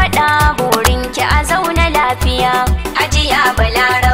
faɗa ki a zauna lafiya. ajiya Balara.